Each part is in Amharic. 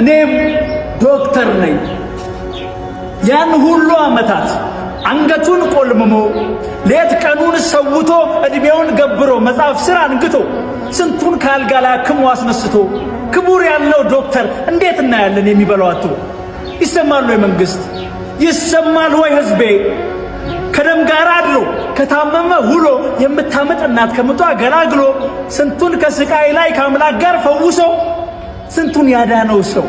እኔም ዶክተር ነኝ። ያን ሁሉ ዓመታት አንገቱን ቆልምሞ ሌት ቀኑን ሰውቶ ዕድሜውን ገብሮ መጽሐፍ ስር አንግቶ ስንቱን ከአልጋ ላይ አክሞ አስነስቶ ክቡር ያለው ዶክተር እንዴት እናያለን? የሚበላው አጥቶ ይሰማል ወይ መንግሥት? ይሰማል ወይ ሕዝቤ? ከደም ጋር አድሮ ከታመመ ውሎ የምታምጥ እናት ከምጧ ገላግሎ ስንቱን ከስቃይ ላይ ከአምላክ ጋር ፈውሶ ስንቱን ያዳነው ሰው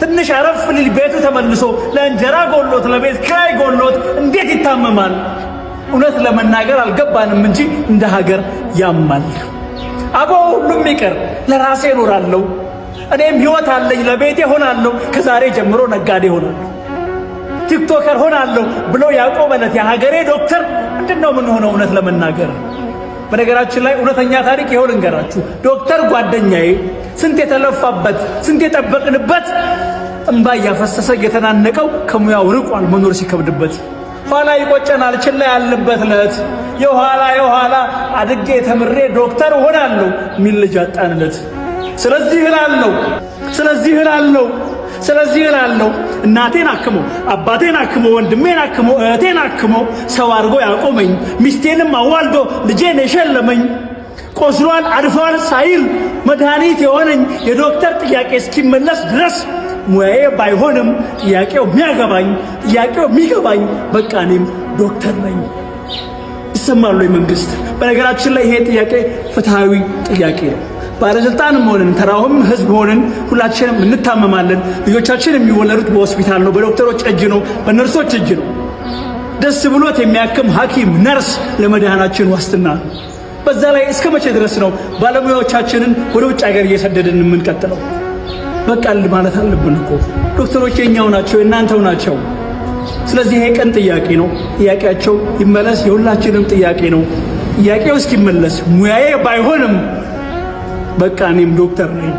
ትንሽ አረፍ ሊል ቤቱ ተመልሶ ለእንጀራ ጎሎት ለቤት ከላይ ጎሎት እንዴት ይታመማል? እውነት ለመናገር አልገባንም እንጂ እንደ ሀገር ያማል። አቦ ሁሉም ይቅር፣ ለራሴ እኖራለሁ፣ እኔም ህይወት አለኝ፣ ለቤቴ ሆናለሁ፣ ከዛሬ ጀምሮ ነጋዴ ሆናለሁ፣ ቲክቶከር ሆናለሁ ብሎ ያቆመለት የሀገሬ ዶክተር ምንድን ነው ምን ሆነው እውነት ለመናገር በነገራችን ላይ እውነተኛ ታሪክ ይኸው ልንገራችሁ። ዶክተር ጓደኛዬ ስንት የተለፋበት ስንት የጠበቅንበት እምባ እያፈሰሰ የተናነቀው ከሙያው ርቋል መኖር ሲከብድበት ኋላ ይቆጨናል ችላ ያልንበት ዕለት የኋላ የኋላ አድጌ ተምሬ ዶክተር እሆናለሁ የሚል ልጅ አጣንለት። ስለዚህ እላለሁ ስለዚህ እላለሁ ስለዚህ እላለሁ እናቴን አክሞ አባቴን አክሞ ወንድሜን አክሞ እህቴን አክሞ ሰው አድርጎ ያቆመኝ ሚስቴንም አዋልዶ ልጄን የሸለመኝ ቆስሏል አድፏል ሳይል መድኃኒት የሆነኝ የዶክተር ጥያቄ እስኪመለስ ድረስ ሙያዬ ባይሆንም ጥያቄው የሚያገባኝ ጥያቄው የሚገባኝ በቃ እኔም ዶክተር ነኝ። ይሰማሉ መንግስት። በነገራችን ላይ ይሄ ጥያቄ ፍትሐዊ ጥያቄ ነው። ባለስልጣንም ሆንን ተራውም ህዝብ ሆንን ሁላችንም እንታመማለን። ልጆቻችን የሚወለዱት በሆስፒታል ነው፣ በዶክተሮች እጅ ነው፣ በነርሶች እጅ ነው። ደስ ብሎት የሚያክም ሐኪም ነርስ ለመድሃናችን ዋስትና ነው። በዛ ላይ እስከ መቼ ድረስ ነው ባለሙያዎቻችንን ወደ ውጭ ሀገር እየሰደድን የምንቀጥለው? በቃል ማለት አለብን እኮ ዶክተሮች የኛው ናቸው፣ የእናንተው ናቸው። ስለዚህ ይሄ ቀን ጥያቄ ነው። ጥያቄያቸው ይመለስ፣ የሁላችንም ጥያቄ ነው። ጥያቄው እስኪመለስ ሙያዬ ባይሆንም በቃ እኔም ዶክተር ነኝ።